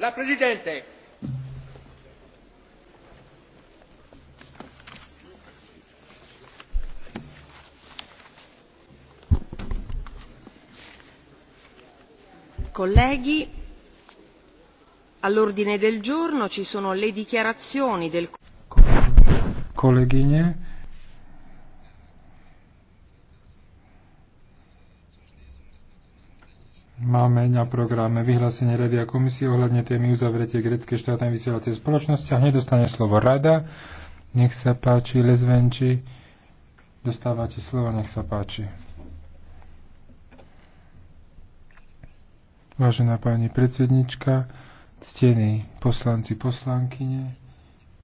La Presidente. Colleghi, all'ordine del giorno ci sono le dichiarazioni del Collegine, Máme na programe vyhlásenie Rady a komisie ohľadne témy uzavretie greckej štátnej vysielacej spoločnosti a hneď dostane slovo Rada. Nech sa páči, Lezvenči. Dostávate slovo, nech sa páči. Vážená pani predsednička, ctení poslanci, poslankyne,